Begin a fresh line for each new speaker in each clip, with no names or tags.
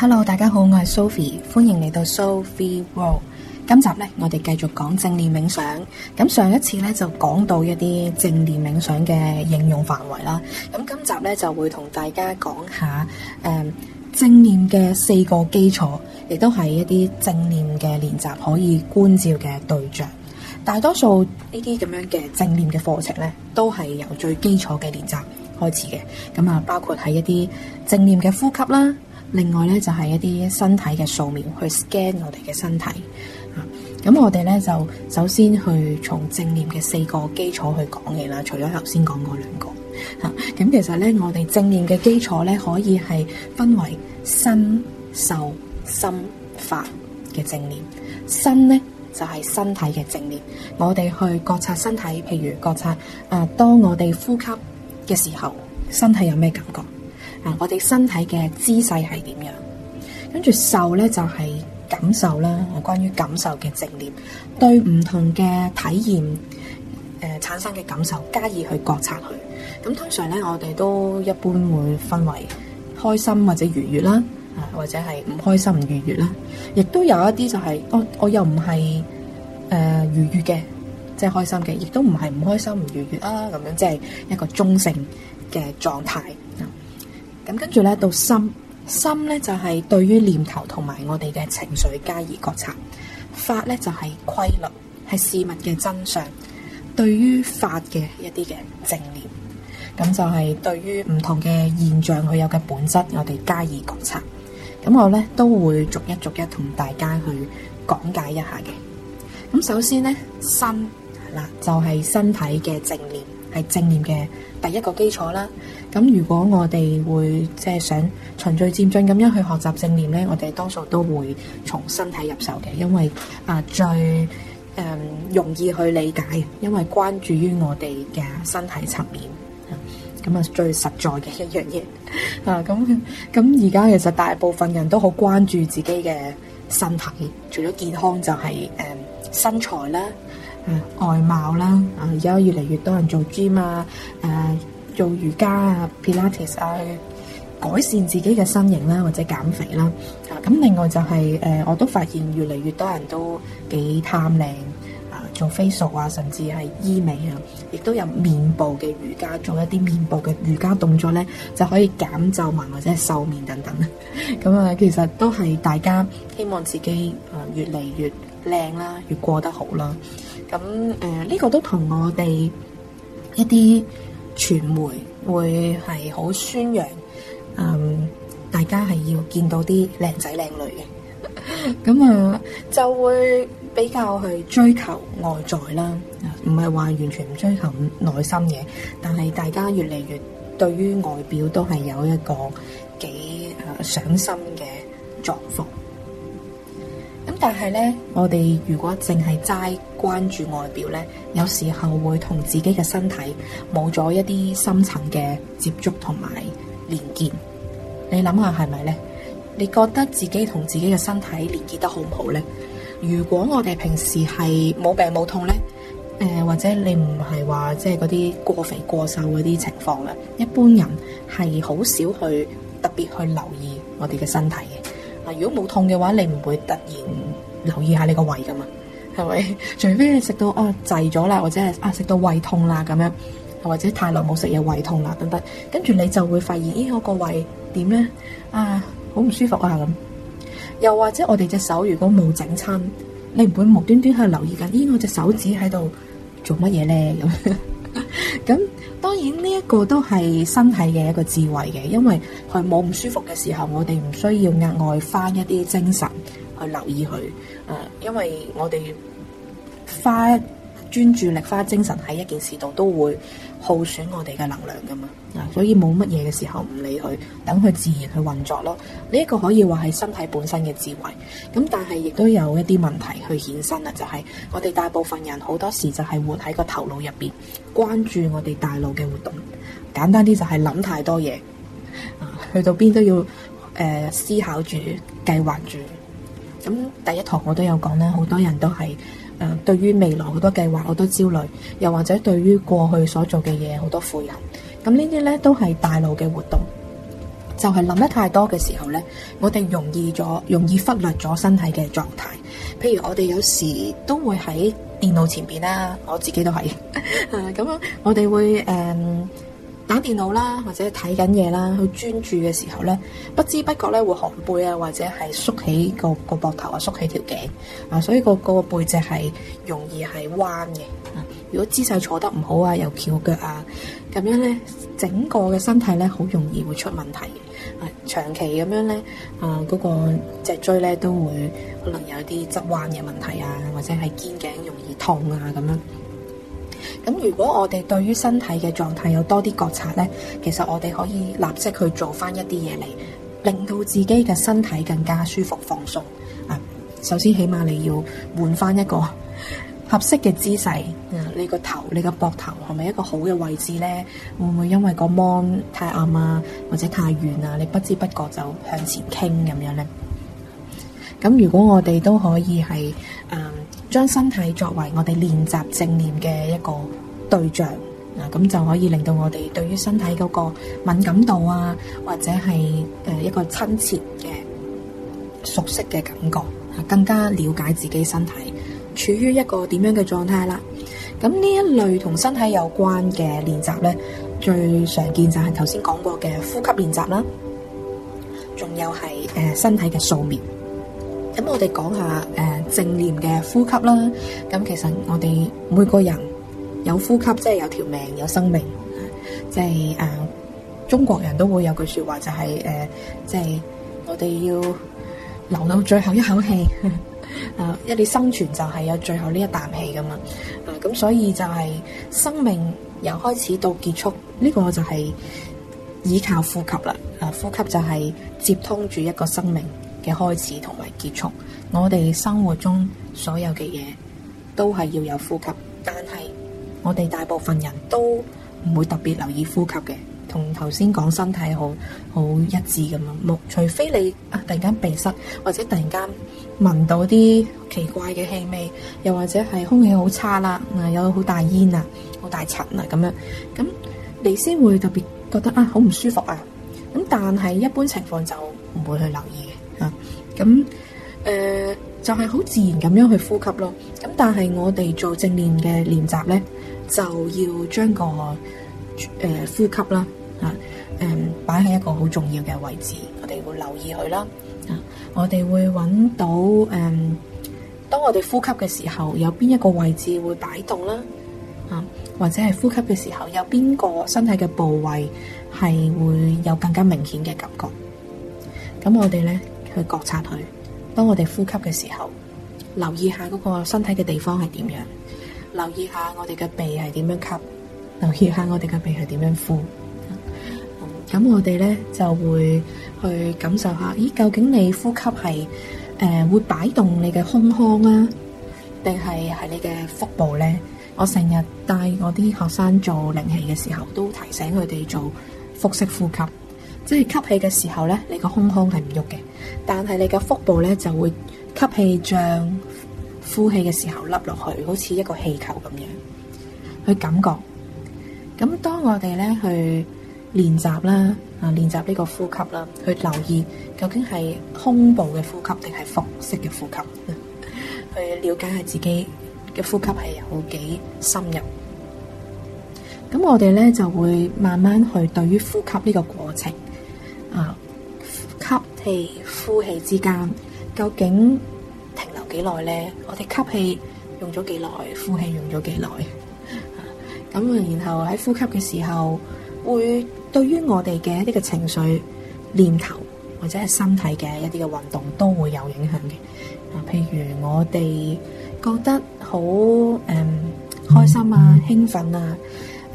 Hello，大家好，我係 Sophy，歡迎嚟到 Soul Free World。今集咧，我哋繼續講正念冥想。咁上一次咧就講到一啲正念冥想嘅應用範圍啦。咁今集咧就會同大家講下，誒、嗯，正念嘅四個基礎，亦都係一啲正念嘅練習可以觀照嘅對象。大多數呢啲咁樣嘅正念嘅課程咧，都係由最基礎嘅練習開始嘅。咁啊，包括喺一啲正念嘅呼吸啦。另外咧就係一啲身體嘅掃描，去 scan 我哋嘅身體。咁我哋咧就首先去從正念嘅四個基礎去講嘢啦。除咗頭先講嗰兩個，吓，咁其實咧我哋正念嘅基礎咧可以係分為身、受、心、法嘅正念。身咧就係身體嘅正念，我哋去覺察身體，譬如覺察誒、啊，當我哋呼吸嘅時候，身體有咩感覺？啊、嗯！我哋身體嘅姿勢係點樣？跟住受咧就係、是、感受啦，我、嗯、關於感受嘅正念，嗯、對唔同嘅體驗誒、呃、產生嘅感受，加以去覺察佢。咁、嗯、通常咧，我哋都一般會分為開心或者愉悅啦，啊或者係唔開心唔愉悅啦。亦、啊啊、都有一啲就係、是、我、哦、我又唔係誒愉悅嘅，即、就、係、是、開心嘅，亦都唔係唔開心唔愉悅啊。咁、啊、樣即係、就是、一個中性嘅狀態。咁跟住咧，到心心咧就係、是、對於念頭同埋我哋嘅情緒加以覺察。法咧就係、是、規律，係事物嘅真相。對於法嘅一啲嘅正念，咁就係對於唔同嘅現象佢有嘅本質，我哋加以覺察。咁我咧都會逐一逐一同大家去講解一下嘅。咁首先咧，身啦就係、是、身體嘅正念。係正念嘅第一個基礎啦。咁如果我哋會即係想循序漸進咁樣去學習正念呢，我哋多數都會從身體入手嘅，因為啊、呃、最、呃、容易去理解，因為關注於我哋嘅身體層面，咁啊、嗯、最實在嘅一樣嘢啊。咁咁而家其實大部分人都好關注自己嘅身體，除咗健康就係、是、誒、呃、身材啦。呃、外貌啦，而、呃、家越嚟越多人做 gym 啊，誒、呃、做瑜伽啊，Pilates 啊，改善自己嘅身形啦、啊，或者減肥啦。咁、呃、另外就係、是、誒、呃，我都發現越嚟越多人都幾貪靚，啊、呃、做 facial 啊，甚至係醫美啊，亦都有面部嘅瑜伽，做一啲面部嘅瑜伽動作咧，就可以減皺紋或者係瘦面等等。咁 啊、呃，其實都係大家希望自己、呃、越嚟越靚啦，越過得好啦。咁誒，呢個都同我哋一啲傳媒會係好宣揚，嗯，大家係要見到啲靚仔靚女嘅。咁啊，就會比較去追求外在啦，唔係話完全唔追求內心嘅。但係大家越嚟越對於外表都係有一個幾誒上心嘅狀況。但係咧，我哋如果淨係齋關注外表咧，有時候會同自己嘅身體冇咗一啲深層嘅接觸同埋連結。你諗下係咪呢？你覺得自己同自己嘅身體連結得好唔好呢？如果我哋平時係冇病冇痛呢，誒、呃、或者你唔係話即係嗰啲過肥過瘦嗰啲情況啦，一般人係好少去特別去留意我哋嘅身體嘅。啊，如果冇痛嘅話，你唔會突然。留意下你個胃噶嘛，係咪？除非你食到啊滯咗啦，或者係啊食到胃痛啦咁樣，或者太耐冇食嘢胃痛啦等等，跟住你就會發現咦、哎、我個胃點咧？啊好唔舒服啊咁。又或者我哋隻手如果冇整親，你唔會無端端去留意緊，咦、哎、我隻手指喺度做乜嘢咧咁？咁當然呢一個都係身體嘅一個智慧嘅，因為佢冇唔舒服嘅時候，我哋唔需要額外翻一啲精神，留意佢，啊，因為我哋花專注力、花精神喺一件事度，都會耗損我哋嘅能量噶嘛，啊，所以冇乜嘢嘅時候唔理佢，等佢自然去運作咯。呢一個可以話係身體本身嘅智慧，咁但係亦都有一啲問題去衍生啦，就係我哋大部分人好多時就係活喺個頭腦入邊，關注我哋大腦嘅活動。簡單啲就係諗太多嘢，啊，去到邊都要誒思考住、計劃住。咁第一堂我都有講啦，好多人都係誒、呃，對於未來好多計劃，好多焦慮，又或者對於過去所做嘅嘢，好多負累。咁呢啲咧都係大腦嘅活動，就係、是、諗得太多嘅時候咧，我哋容易咗，容易忽略咗身體嘅狀態。譬如我哋有時都會喺電腦前邊啦，我自己都係，咁 樣我哋會誒。嗯打電腦啦，或者睇緊嘢啦，去專注嘅時候咧，不知不覺咧會寒背啊，或者係縮起個個膊頭啊，縮起條頸啊，所以個個背脊係容易係彎嘅。如果姿勢坐得唔好啊，又翹腳啊，咁樣咧，整個嘅身體咧好容易會出問題。長期咁樣咧，啊、那、嗰個脊椎咧都會可能有啲側彎嘅問題啊，或者係肩頸容易痛啊咁樣。咁如果我哋對於身體嘅狀態有多啲覺察呢，其實我哋可以立即去做翻一啲嘢嚟，令到自己嘅身體更加舒服放鬆。啊，首先起碼你要換翻一個合適嘅姿勢。你個頭、你個膊頭係咪一個好嘅位置呢？會唔會因為個芒太暗啊，或者太遠啊？你不知不覺就向前傾咁樣呢？咁如果我哋都可以係。將身體作為我哋練習正念嘅一個對象，嗱，咁就可以令到我哋對於身體嗰個敏感度啊，或者係誒一個親切嘅熟悉嘅感覺，啊更加了解自己身體處於一個點樣嘅狀態啦。咁呢一類同身體有關嘅練習呢，最常見就係頭先講過嘅呼吸練習啦，仲有係誒身體嘅掃描。咁我哋講下誒、呃、正念嘅呼吸啦。咁其實我哋每個人有呼吸，即、就、係、是、有條命，有生命。即係誒，中國人都會有句說話、就是呃，就係誒，即係我哋要留到最後一口氣。啊、 呃，一啲生存就係有最後呢一啖氣噶嘛。咁、呃、所以就係生命由開始到結束，呢、這個就係依靠呼吸啦。啊、呃，呼吸就係接通住一個生命。嘅開始同埋結束，我哋生活中所有嘅嘢都係要有呼吸，但係我哋大部分人都唔會特別留意呼吸嘅，同頭先講身體好好一致咁樣。除非你啊突然間鼻塞，或者突然間聞到啲奇怪嘅氣味，又或者係空氣好差啦，啊有好大煙啊，好大塵啊咁樣，咁你先會特別覺得啊好唔舒服啊。咁但係一般情況就唔會去留意。咁誒、呃，就係、是、好自然咁樣去呼吸咯。咁但係我哋做正念嘅練習咧，就要將個誒、呃、呼吸啦吓誒擺喺一個好重要嘅位置。我哋會留意佢啦。啊、呃，我哋會揾到誒、呃，當我哋呼吸嘅時候，有邊一個位置會擺動啦啊、呃，或者係呼吸嘅時候，有邊個身體嘅部位係會有更加明顯嘅感覺。咁、呃、我哋咧。去覺察佢。當我哋呼吸嘅時候，留意下嗰個身體嘅地方係點樣，留意下我哋嘅鼻係點樣吸，留意下我哋嘅鼻係點樣呼。咁、嗯、我哋咧就會去感受下，咦，究竟你呼吸係誒、呃、會擺動你嘅胸腔啊，定係係你嘅腹部咧？我成日帶我啲學生做靈氣嘅時候，都提醒佢哋做腹式呼吸。即係吸氣嘅時候咧，你個胸腔係唔喐嘅，但係你個腹部咧就會吸氣脹，呼氣嘅時候凹落去，好似一個氣球咁樣去感覺。咁當我哋咧去練習啦，啊練習呢個呼吸啦，去留意究竟係胸部嘅呼吸定係腹式嘅呼吸，去了解下自己嘅呼吸係有幾深入。咁我哋咧就會慢慢去對於呼吸呢個過程。啊，吸氣、呼氣之間究竟停留幾耐呢？我哋吸氣用咗幾耐，呼氣用咗幾耐？咁、啊、然後喺呼吸嘅時候，會對於我哋嘅一啲嘅情緒、念頭或者係身體嘅一啲嘅運動都會有影響嘅。啊，譬如我哋覺得好誒、嗯、開心啊、興奮啊，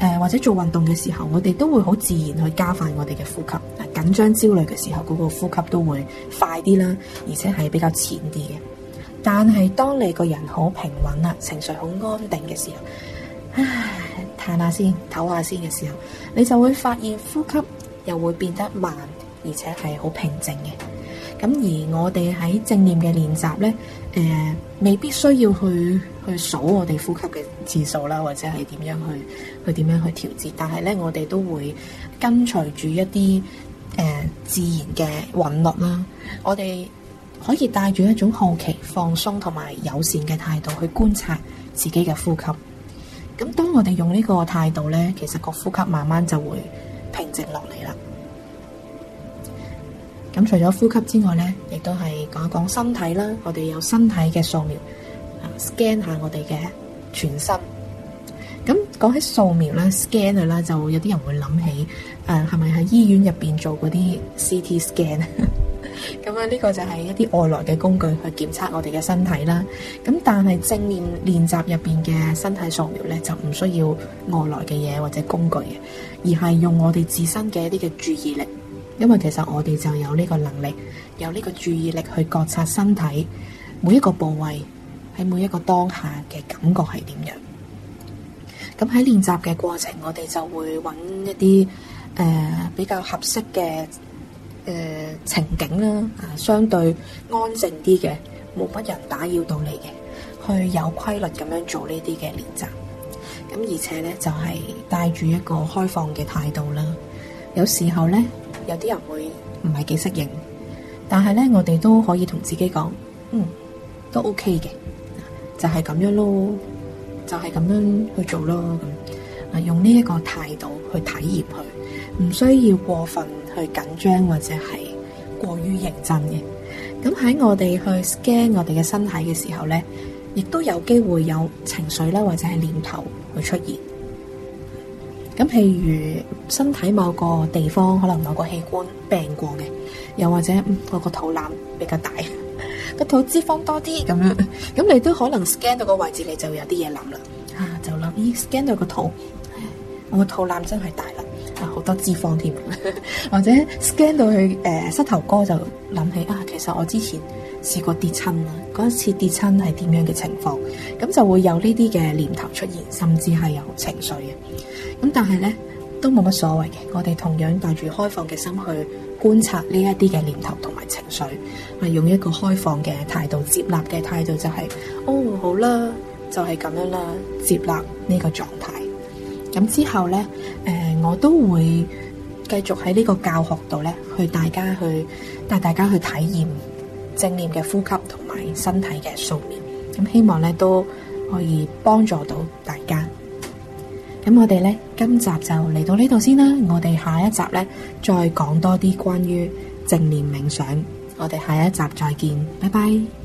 誒、呃、或者做運動嘅時候，我哋都會好自然去加快我哋嘅呼吸。緊張、焦慮嘅時候，嗰個呼吸都會快啲啦，而且係比較淺啲嘅。但係當你個人好平穩啦，情緒好安定嘅時候，唉，唞下先，唞下先嘅時候，你就會發現呼吸又會變得慢，而且係好平靜嘅。咁而我哋喺正念嘅練習呢，誒、呃，未必需要去去數我哋呼吸嘅次數啦，或者係點樣去去點樣去調節。但係呢，我哋都會跟隨住一啲。誒，自然嘅韻律啦，我哋可以帶住一種好奇、放鬆同埋友善嘅態度去觀察自己嘅呼吸。咁當我哋用呢個態度呢，其實個呼吸慢慢就會平靜落嚟啦。咁除咗呼吸之外呢，亦都係講一講身體啦。我哋有身體嘅掃描，scan 下我哋嘅全身。咁講起掃描咧，scan 佢啦，就有啲人會諗起。誒，係咪喺醫院入邊做嗰啲 CT scan？咁啊，呢個就係一啲外來嘅工具去檢測我哋嘅身體啦。咁但係正念練習入邊嘅身體掃描呢，就唔需要外來嘅嘢或者工具嘅，而係用我哋自身嘅一啲嘅注意力。因為其實我哋就有呢個能力，有呢個注意力去覺察身體每一個部位喺每一個當下嘅感覺係點樣。咁喺練習嘅過程，我哋就會搵一啲。誒、呃，比較合適嘅誒情景啦，啊，相對安靜啲嘅，冇乜人打擾到你嘅，去有規律咁樣做呢啲嘅練習。咁、啊、而且咧，就係帶住一個開放嘅態度啦。有時候咧，有啲人會唔係幾適應，但係咧，我哋都可以同自己講，嗯，都 OK 嘅，就係、是、咁樣咯，就係、是、咁樣去做咯。咁啊，用呢一個態度去體驗佢。唔需要過分去緊張或者係過於認真嘅。咁喺我哋去 scan 我哋嘅身體嘅時候咧，亦都有機會有情緒啦，或者係念頭會出現。咁譬如身體某個地方可能某個器官病過嘅，又或者、嗯、我個肚腩比較大，個 肚脂肪多啲咁樣，咁 你都可能 scan 到個位置，你就會有啲嘢諗啦。吓、啊，就諗咦 scan 到個肚，我個肚腩真係大。啊！好多脂肪添，或者 scan 到佢誒，膝頭哥就諗起啊，其實我之前試過跌親啦，嗰一次跌親係點樣嘅情況，咁就會有呢啲嘅念頭出現，甚至係有情緒嘅。咁但係呢，都冇乜所謂嘅，我哋同樣帶住開放嘅心去觀察呢一啲嘅念頭同埋情緒，用一個開放嘅態度接納嘅態度，接納的態度就係、是、哦好啦，就係、是、咁樣啦，接納呢個狀態。咁之後呢，誒、呃，我都會繼續喺呢個教學度呢，去大家去帶大家去體驗正念嘅呼吸同埋身體嘅掃描。咁希望呢都可以幫助到大家。咁我哋呢，今集就嚟到呢度先啦。我哋下一集呢，再講多啲關於正念冥想。我哋下一集再見，拜拜。